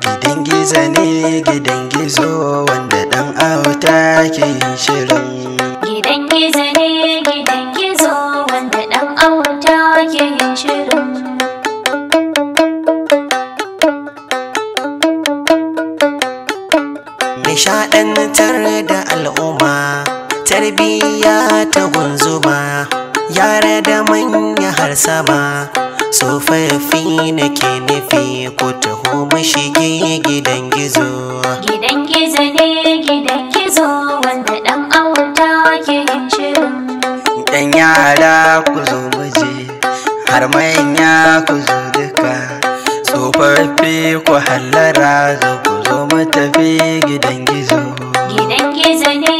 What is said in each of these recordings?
Gidan gizo ne gidan gizo wanda ɗan auta ke shirin. Gidan gizo ne gidan gizo wanda ɗan auta ke shirin. Nishaɗantar da al'umma, tarbiyya ta gunzuma, yara da manya har sama, tsofaffi nake nufi ko ko mu shige gidan gizo gidan gizo ne gidan gizo wanda dan awarta ke yin dan yara ku zo mu je har manya ku zo duka So tsofaffi ku hallara zo ku zo mu tafi gidan gizo gidan gizo ne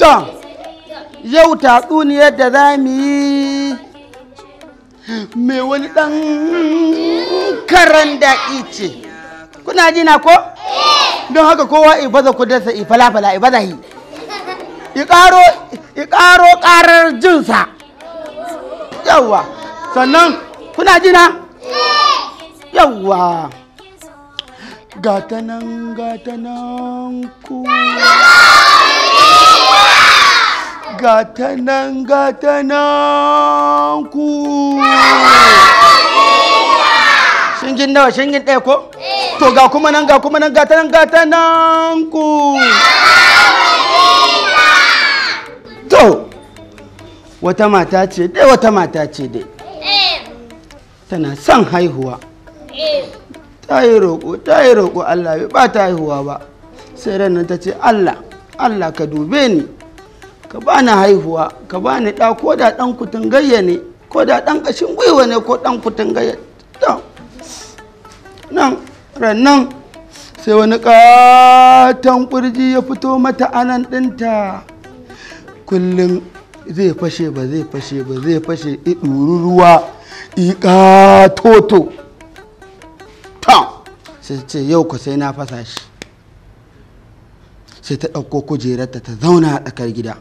To, yau tatsuniyar yadda za mu yi mai wani ɗan karan daɗi ce. Kuna jina ko? Don haka kowa ibaza kudarsa ifala-fala ibaza yi. Ikaro ƙarar jinsa. Yawwa, sannan kuna jina? Yawwa. Gata nan, gata nan ku. gata nan gata nan ku shingin nawa shingin ɗaya ko to ga kuma nan ga kuma nan gata nan gata nan ku to wata mata ce dai wata mata ce dai tana son haihuwa ta yi roƙo ta yi roƙo allah ba ta haihuwa ba sai ranar ta ce allah allah ka dube ni ka bani haihuwa ka bani ɗa ko da ɗan kutun ne ko da ɗan ƙashin gwiwa ne ko ɗan kutun gayya nan rannan sai wani ƙaton ƙurji ya fito mata anan dinta. kullum zai fashe ba zai fashe ba zai fashe i ruwa i ƙatoto ta sai ce yau ku sai na fasa shi sai ta ɗauko kujerarta ta zauna a tsakar gida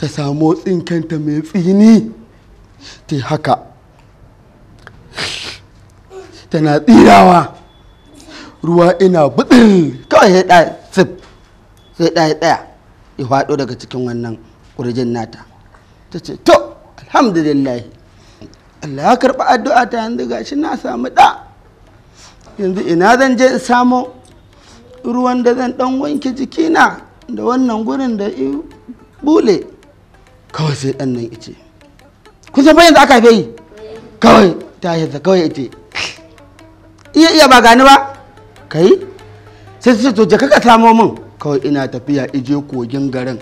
ta samu tsinkanta mai tsini ta haka tana tsirawa ruwa ina buɗin kawai ya ɗaya tsib sai ɗaya ɗaya ya faɗo daga cikin wannan ƙurjin nata ta ce to alhamdulillah Allah ya karɓi addu'a ta yanzu ga shi na samu ɗa yanzu ina zan je in samo ruwan da zan ɗan wanke jikina da wannan gurin da bule kawai sai dan nan ice kun san yanzu aka haife yi kawai ta yadda kawai ice iya iya ba gani ba kai sai su to jaka ka samo min kawai ina tafiya ije kogin garin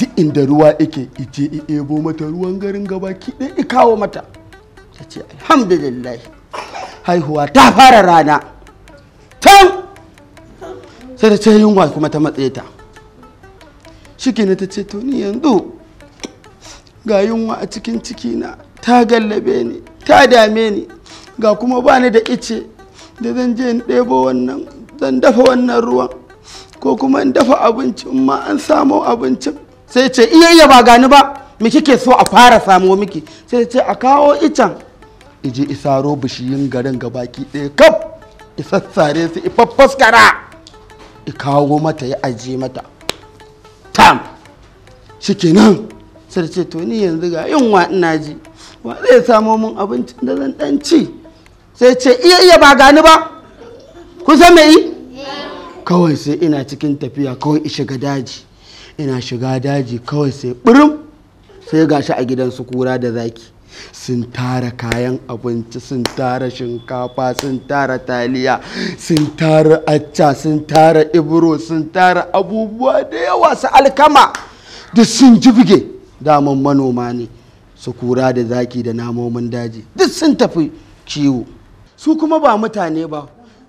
duk inda ruwa yake ije i ebo mata ruwan garin gaba ki ɗaya i kawo mata ta ce alhamdulillah haihuwa ta fara rana tan sai ta ce yunwa kuma ta matse ta shi ta ce to ni yanzu ga yunwa a cikin cikina ta gallabe ni ta dame ni ga kuma ba ni da ice da zan je in ɗebo wannan zan dafa wannan ruwan ko kuma in dafa abinci in ma an samo abincin sai ce iya iya ba gani ba me kike so a fara samo miki sai ce a kawo icen iji isaro bishiyin garin gabaki ɗaya kaf isassare su ifaffaskara i kawo mata ya aje mata tam shikenan sai ce to ni yanzu ga wa ina ji wa zai samo min abincin da zan dan ci sai ce iya iya ba gani ba ku san me yi kawai sai ina cikin tafiya kawai in shiga daji ina shiga daji kawai sai burum sai gashi a gidan su kura da zaki sun tara kayan abinci sun tara shinkafa sun tara taliya sun tara acca sun tara ibro sun tara abubuwa da yawa su alkama duk sun jibge daman manoma ne su kura da zaki da namomin daji duk sun tafi ciwo su kuma ba mutane ba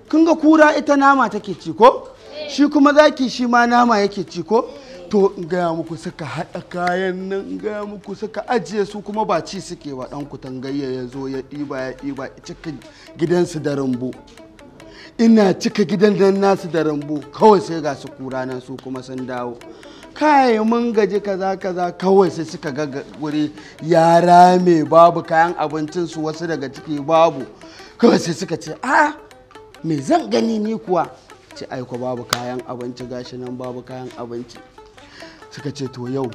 kun ga kura ita nama take ci ko shi kuma zaki shi ma nama yake ci ko to in gaya muku suka haɗa kayan nan in gaya muku suka ajiye su kuma ba ci suke ba ɗan gayya ya zo ya ɗiba ya ɗiba cika gidansu da rambo ina cika gidan nan nasu da rambo kawai sai ga su kura nan su kuma sun dawo kai mun gaji kaza kaza kawai sai suka ga guri ya rame babu kayan abincin su wasu daga ciki babu kawai sai suka ce a ah, me zan gani ni kuwa ce aiko babu kayan abinci gashi nan babu kayan abinci suka ce to yau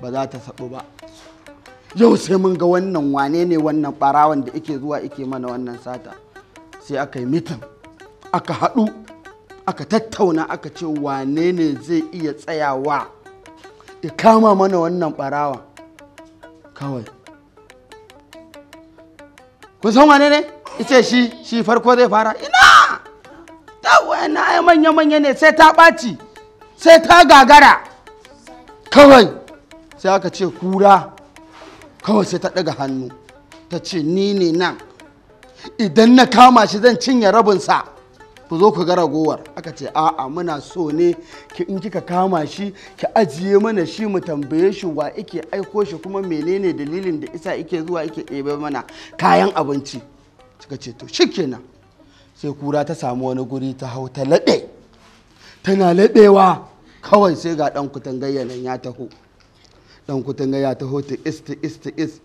ba za ta sabu ba yau sai mun ga wannan wane ne wannan barawan da ike zuwa ike mana wannan sata sai aka yi mitin aka haɗu aka tattauna aka ce wane ne zai iya tsayawa ya kama mana wannan barawa kawai kun san wane ne ita shi shi farko zai fara ina ta wani ai manya-manya ne sai ta ɓaci sai ta gagara kawai sai aka ce kura kawai sai ta ɗaga hannu ta ce ni ne nan idan na kama shi zan cinye rabinsa ku zo ku ga ragowar aka ce a'a muna so ne ki in kika kama shi ki ajiye mana shi mu tambaye shi wa ike aiko shi kuma menene dalilin da isa ike zuwa ike ɗebe mana kayan abinci suka ce to shikenan sai kura ta samu wani guri ta hau ta laɗe tana laɗewa kawai sai ga ɗan kutangayya nan ya taho ɗan kutangayya ya taho ta is ta is ta is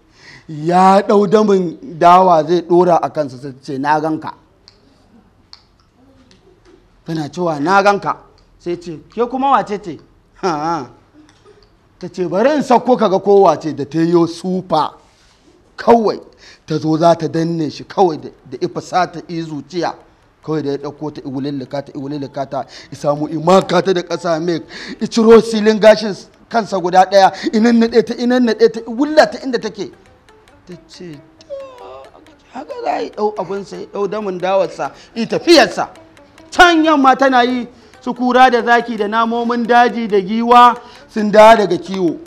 ya ɗau damin dawa zai ɗora a kansa sai ce na ganka tana cewa na ganka sai ce ke kuma wace ce ta ce bari in sako kaga kowa ce da ta yi sufa kawai ta zo za ta danne shi kawai da sa ta yi zuciya kawai da ya ɗauko ta iwulillika ta iwulillika ta isamu imaka ta da ƙasa mai iciro silin gashin kansa guda ɗaya inan naɗe ta inan naɗe ta wulla ta inda take ta ce haka za a yi ɗau abinsa ya ɗau damin dawarsa yi tafiyarsa can yamma tana yi su kura da zaki da namomin daji da giwa sun dawo daga kiwo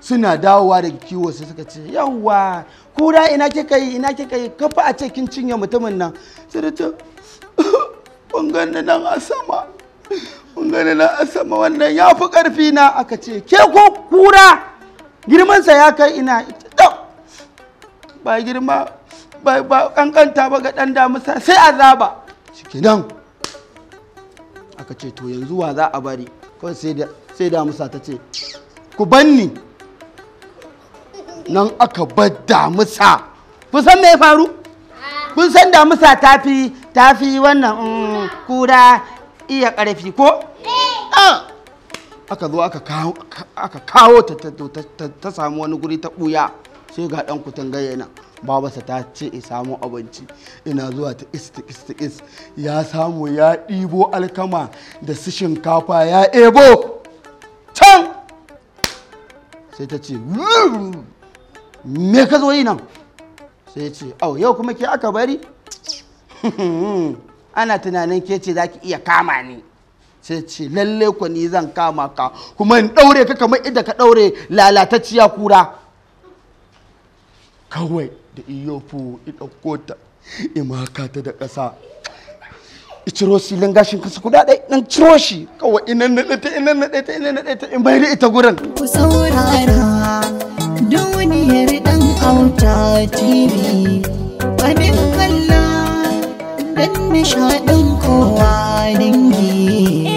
suna dawowa daga kiwo sai suka ce yawwa kura ina kika yi ina kika yi kafa a ce kin cinye mutumin nan sai da ce kun gani nan a sama kun gani nan a sama wannan ya fi karfi na aka ce ke ko kura girmansa ya kai ina ba girma ba kankanta ba ga dan damusa sai azaba shikenan aka ce to yanzu wa za a bari kawai sai musa ta ce ku banni nan aka bar damusa kun san me ya faru kun san damusa ta fi ta fi wannan mm, kura iya karfi ko eh. ah. aka zo aka kawo ta ta samu wani guri ta buya sai ga dan kutan gayyana babarsa ta ce in samu abinci ina zuwa ta is ya samu ya ɗibo alkama da su shinkafa ya ebo can sai ta ce me ka zo yi nan sai ce au yau kuma ke aka bari ana tunanin ke ce za ki iya kama ni sai ce lalle ku ni zan kama ka kuma in ɗaure ka kamar idan ka ɗaure lalatacciya kura kawai da iyofu ɗauko ta imaka ta da ƙasa ciro shi silin gashin kasa guda ɗai nan ciro shi kawai inan na ɗaita, inan na ɗaita, inan na ɗaita, in bai da ita gurin. Ku saurara duniyar ɗan auta TV faɗin kalla don nishaɗin kowa dangi.